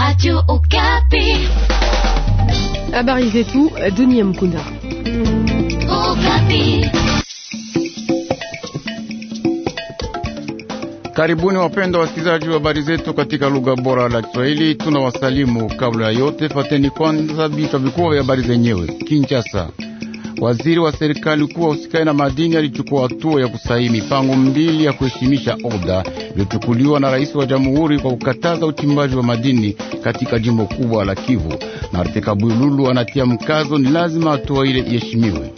Radio Okapi. Habari zetu Dunia Mkunda. Okapi. Karibuni wapenda wasikilizaji wa habari zetu katika lugha bora la Kiswahili. tuna wasalimu Kabla ya yote, fateni kwanza vichwa vikubwa vya habari zenyewe. Kinshasa. Waziri wa serikali kuu wahusikaye na madini alichukua hatua ya kusaini mipango mbili ya kuheshimisha oda iliyochukuliwa na rais wa jamhuri kwa kukataza uchimbaji wa madini katika jimbo kubwa la Kivu. Marthe Kabululu anatia mkazo ni lazima hatua ile iheshimiwe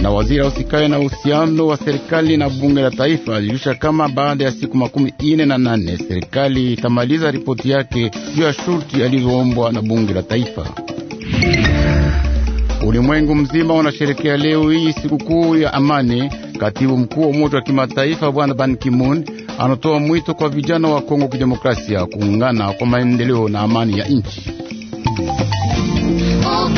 na waziri ausikaye na uhusiano wa serikali na bunge la taifa alijulisha kama baada ya siku makumi ine na nane serikali itamaliza ripoti yake juu ya shurti alizoombwa na bunge la taifa. Ulimwengu mzima unasherekea leo hii sikukuu ya amani. Katibu mkuu wa Umoja wa Kimataifa Bwana Ban Ki-moon anatoa mwito kwa vijana wa Kongo Kidemokrasia kuungana kwa maendeleo na amani ya nchi. Oh,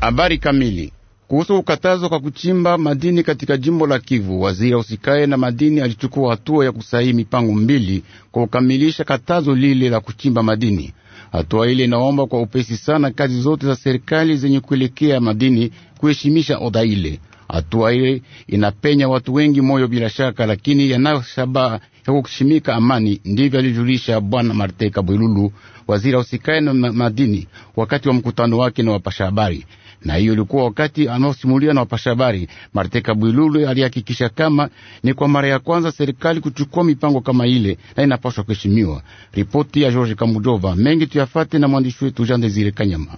Habari kamili kuhusu ukatazo kwa kuchimba madini katika jimbo la Kivu, waziri usikae na madini alichukua hatua ya kusaini mipango mbili kwa kukamilisha katazo lile la kuchimba madini. Hatua ile inaomba kwa upesi sana kazi zote za serikali zenye kuelekea madini kuheshimisha oda ile. Hatua ile inapenya watu wengi moyo bila shaka, lakini yanayo shabaha ya kushimika amani. Ndivyo alijulisha Bwana Marte Kabwelulu, waziri wa na madini, wakati wa mkutano wake na wapasha habari na hiyo ilikuwa wakati anaosimulia na wapasha habari Marte Kabwilulu alihakikisha kama ni kwa mara ya kwanza serikali kuchukua mipango kama ile na inapaswa kuheshimiwa. Ripoti ya George Kamudova, mengi tuyafate na mwandishi wetu Jean Desire Kanyama.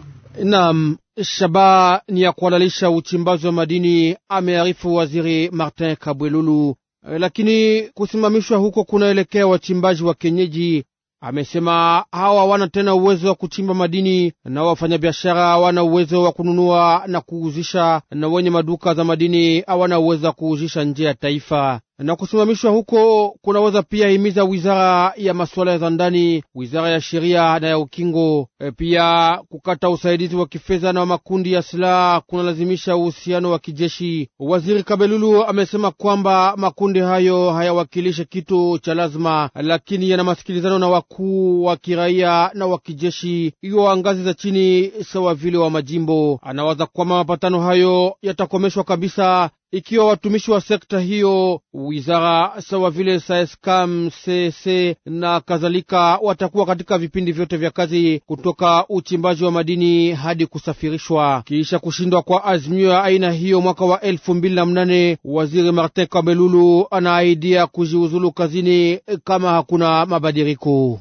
Naam, shabaha ni ya kuhalalisha uchimbaji wa madini, amearifu waziri Martin Kabwelulu. Eh, lakini kusimamishwa huko kunaelekea wachimbaji wa kienyeji Amesema hawa hawana tena uwezo wa kuchimba madini na wafanyabiashara hawana uwezo wa kununua na kuuzisha, na wenye maduka za madini hawana uwezo wa kuuzisha nje ya taifa na kusimamishwa huko kunaweza pia himiza wizara ya masuala ya ndani, wizara ya sheria na ya ukingo. E, pia kukata usaidizi wa kifedha na wa makundi ya silaha kunalazimisha uhusiano wa kijeshi. Waziri Kabelulu amesema kwamba makundi hayo hayawakilishe kitu cha lazima, lakini yana masikilizano na wakuu wa kiraia na wa kijeshi, iwo wa ngazi za chini sawa vile wa majimbo. Anawaza kwamba mapatano hayo yatakomeshwa kabisa ikiwa watumishi wa sekta hiyo wizara sawa vile saeskam cc na kadhalika watakuwa katika vipindi vyote vya kazi kutoka uchimbaji wa madini hadi kusafirishwa. Kisha kushindwa kwa azimio ya aina hiyo mwaka wa elfu mbili na mnane, waziri Martin Kabelulu anaahidia kujiuzulu kazini kama hakuna mabadiliko.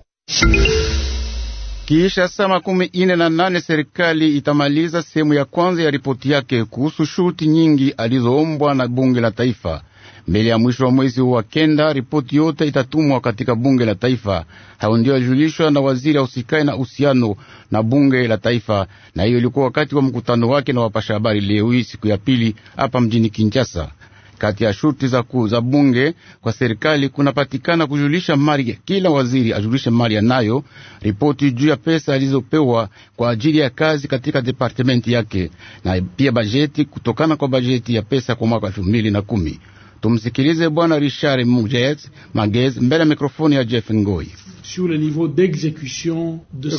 Kisha saa makumi ine na nane serikali itamaliza sehemu ya kwanza ya ripoti yake kuhusu shuti nyingi alizoombwa na bunge la taifa. Mbele ya mwisho wa mwezi wa kenda, ripoti yote itatumwa katika bunge la taifa. Hayo ndio yajulishwa na waziri usikai na uhusiano na bunge la taifa, na hiyo ilikuwa wakati wa mkutano wake na wapasha habari leo hii siku ya pili hapa mjini Kinshasa. Kati ya shurti za, za bunge kwa serikali kunapatikana kujulisha mali, kila waziri ajulishe mali anayo, ripoti juu ya pesa alizopewa kwa ajili ya kazi katika departementi yake, na pia bajeti kutokana kwa bajeti ya pesa kwa mwaka elfu mbili na kumi. Tumsikilize Bwana Richard Mujet Magez mbele ya mikrofoni ya Jeff Ngoi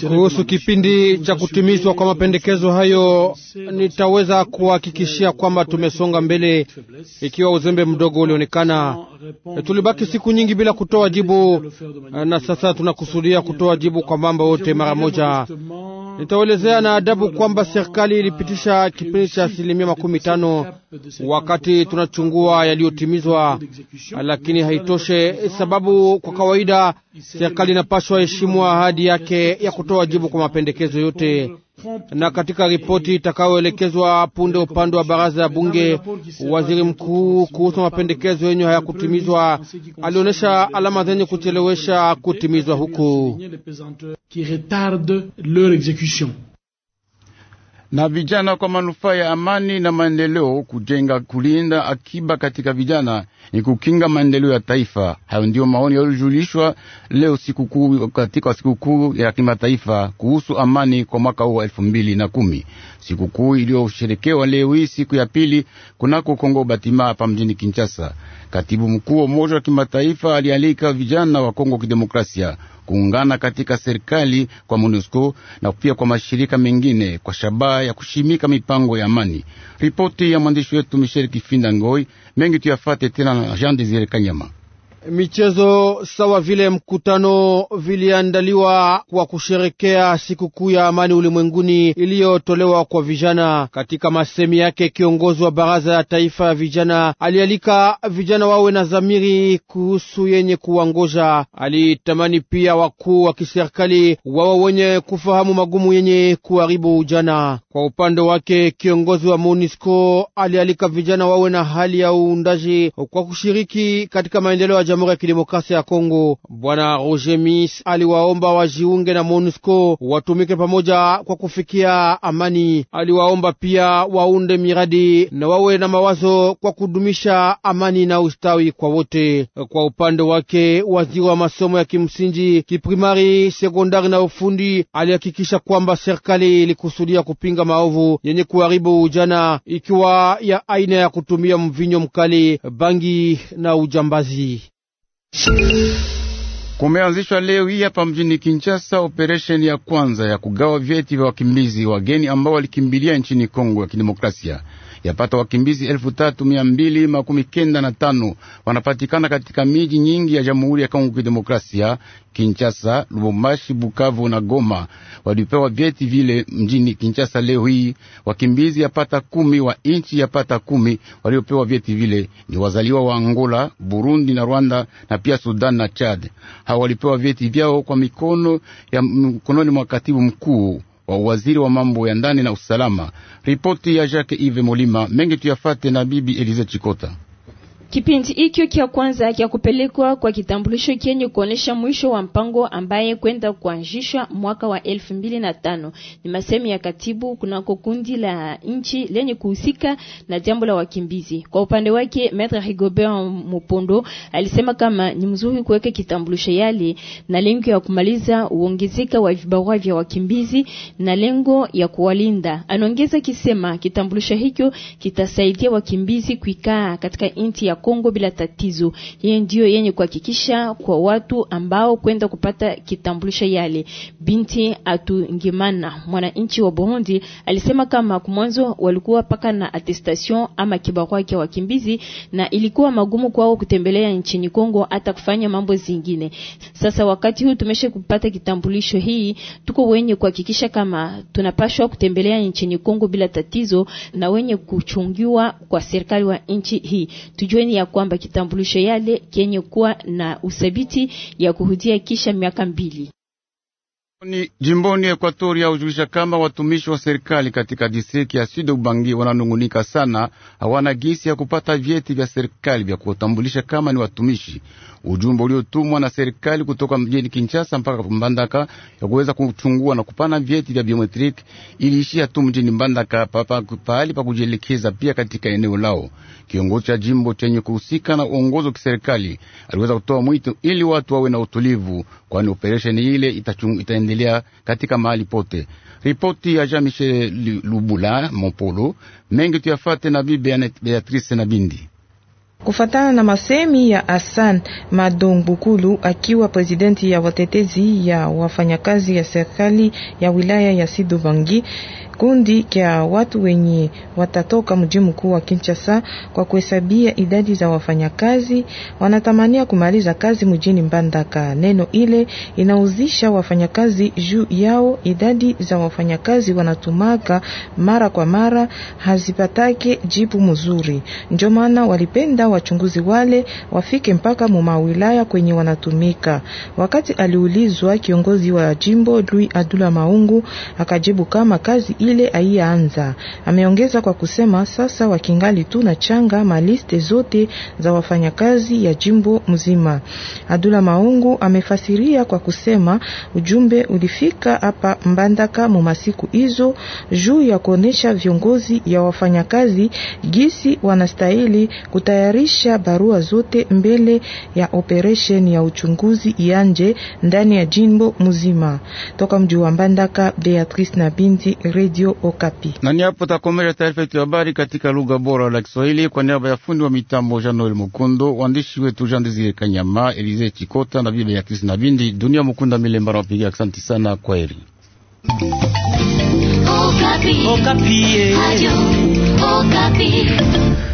kuhusu kipindi cha kutimizwa kwa mapendekezo hayo. Nitaweza kuhakikishia kwamba tumesonga mbele, ikiwa uzembe mdogo ulionekana E, tulibaki siku nyingi bila kutoa jibu, e, na sasa tunakusudia kutoa jibu kwa mambo yote mara moja. Nitaelezea na adabu kwamba serikali ilipitisha kipindi cha asilimia makumi tano wakati tunachungua yaliyotimizwa, lakini haitoshe, e, sababu kwa kawaida serikali inapaswa heshimu ahadi yake ya kutoa jibu kwa mapendekezo yote na katika ripoti itakayoelekezwa punde upande wa baraza ya bunge, waziri mkuu kuhusu mapendekezo yenye hayakutimizwa alionyesha alama zenye kuchelewesha kutimizwa huku na vijana kwa manufaa ya amani na maendeleo. Kujenga kulinda akiba katika vijana ni kukinga maendeleo ya taifa. Hayo ndiyo maoni yaliyojulishwa leo sikukuu, katika sikukuu ya kimataifa kuhusu amani kwa mwaka huu wa elfu mbili na kumi, sikukuu iliyosherekewa leo hii siku ya pili kunako Kongo Batima hapa mjini Kinshasa. Katibu mkuu wa Umoja wa Kimataifa alialika vijana wa Kongo Kidemokrasia kuungana katika serikali kwa MONUSCO na pia kwa mashirika mengine kwa shabaha ya kushimika mipango ya amani. Ripoti ya mwandishi wetu Michel Kifinda Ngoi, mengi tuyafate tena na Jean Desire Kanyama. Michezo sawa vile mkutano viliandaliwa kwa kusherekea sikukuu ya amani ulimwenguni iliyotolewa kwa vijana. Katika masemi yake, kiongozi wa baraza ya taifa ya vijana alialika vijana wawe na zamiri kuhusu yenye kuwangoja. Alitamani pia wakuu wa kiserikali wawe wenye kufahamu magumu yenye kuharibu ujana. Kwa upande wake, kiongozi wa MONUSCO alialika vijana wawe na hali ya uundaji kwa kushiriki katika maendeleo ya Jamhuri ya Kidemokrasia ya Kongo. Bwana Roger aliwaomba wajiunge na MONUSCO watumike pamoja kwa kufikia amani. Aliwaomba pia waunde miradi na wawe na mawazo kwa kudumisha amani na ustawi kwa wote. Kwa upande wake, waziri wa masomo ya kimsingi, kiprimari, sekondari na ufundi alihakikisha kwamba serikali ilikusudia kupinga maovu yenye kuharibu ujana, ikiwa ya aina ya kutumia mvinyo mkali, bangi na ujambazi. Thank you. Kumeanzishwa leo hii hapa mjini Kinshasa operesheni ya kwanza ya kugawa vyeti vya wakimbizi wageni ambao walikimbilia nchini Kongo ya Kidemokrasia. Yapata wakimbizi elfu tatu mia mbili makumi kenda na tano wanapatikana katika miji nyingi ya Jamhuri ya Kongo Kidemokrasia: Kinshasa, Lubumbashi, Bukavu na Goma. Walipewa vyeti vile mjini Kinshasa leo hii. Wakimbizi yapata kumi wa inchi yapata kumi waliopewa vyeti vile ni wazaliwa wa Angola, Burundi na Rwanda na pia Sudan na Chad hawalipewa vyeti vyao kwa mikono ya mkononi mwa katibu mkuu wa waziri wa mambo ya ndani na usalama. Ripoti ya Jacques Ive Molima mengi tuyafate na bibi Elize Chikota. Kipindi hicho kia kwanza kia kupelekwa kwa kitambulisho kenye kuonesha mwisho wa mpango ambaye kwenda kuanzishwa mwaka wa elfu mbili na tano ni masemi ya katibu kunako kundi la nchi lenye kuhusika na jambo la wakimbizi. Kwa upande wake Maitre Rigobert Mupondo alisema kama ni mzuri kuweka kitambulisho yale na lengo ya kumaliza uongezeka wa vibarua vya wakimbizi na lengo ya kuwalinda. Anaongeza kisema kitambulisho hicho kitasaidia wakimbizi kuikaa katika nchi ya Kongo bila tatizo. Yeye ndio yenye kuhakikisha kwa watu ambao kwenda kupata kitambulisho yale. Binti Atungimana, mwananchi wa Burundi, alisema kama kumwanzo walikuwa paka na attestation ama kibarua cha wakimbizi na ilikuwa magumu kwao kutembelea nchini Kongo hata kufanya mambo zingine. Sasa wakati huu tumeshe kupata kitambulisho hii, tuko wenye kuhakikisha kama tunapashwa kutembelea nchini Kongo bila tatizo na wenye kuchungiwa kwa serikali wa nchi hii. Tujue kampeni ya kwamba kitambulisho yale kenye kuwa na uthabiti ya kuhudia kisha miaka mbili. Jimboni Ekwatoria hujulisha kama watumishi wa serikali katika distrikti ya Sud Ubangi wananungunika sana, hawana gisi ya kupata vyeti vya serikali vya kuwatambulisha kama ni watumishi. Ujumbe uliotumwa na serikali kutoka mjini Kinshasa mpaka Mbandaka ya kuweza kuchungua na kupana vyeti vya biometriki iliishia tu mjini Mbandaka, pahali pa kujielekeza pia katika eneo lao. Kiongozi cha jimbo chenye kuhusika na uongozi wa kiserikali aliweza kutoa mwito ili watu wawe na utulivu, kwani operesheni ile itaendelea inaendelea katika mahali pote. Ripoti ya Jean Michel Lubula Mopolo mengi tuyafate na bibi Beatrice na Bindi. Kufatana na masemi ya Hassan Madong Bukulu akiwa presidenti ya watetezi ya wafanyakazi ya serikali ya wilaya ya Sidubangi, Kundi kya watu wenye watatoka mji mkuu wa Kinshasa kwa kuhesabia idadi za wafanyakazi wanatamania kumaliza kazi mjini Mbandaka. Neno ile inauzisha wafanyakazi juu yao. Idadi za wafanyakazi wanatumaka mara kwa mara hazipatake jibu mzuri, ndio maana walipenda wachunguzi wale wafike mpaka mumawilaya kwenye wanatumika. Wakati aliulizwa kiongozi wa jimbo Louis Adula Maungu akajibu kama kazi ile haiyaanza. Ameongeza kwa kusema sasa wakingali tu na changa maliste zote za wafanyakazi ya jimbo mzima. Adula Maungu amefasiria kwa kusema ujumbe ulifika hapa Mbandaka mumasiku hizo juu ya kuonesha viongozi ya wafanyakazi gisi wanastahili kutayarisha barua zote mbele ya operesheni ya uchunguzi ianje ndani ya jimbo mzima. Toka mji wa Mbandaka, Beatrice na binti Radio Okapi. Na ni hapo takomesha taarifa yetu ya habari katika lugha bora la Kiswahili kwa niaba ya fundi wa mitambo Jean Noel Mukundo, waandishi wetu Jean Desire Kanyama, Elize Chikota na bibi ya na Bindi Dunia Mukunda Milemba na wapiga. Asante sana, kwa heri. Okapi. Okapi.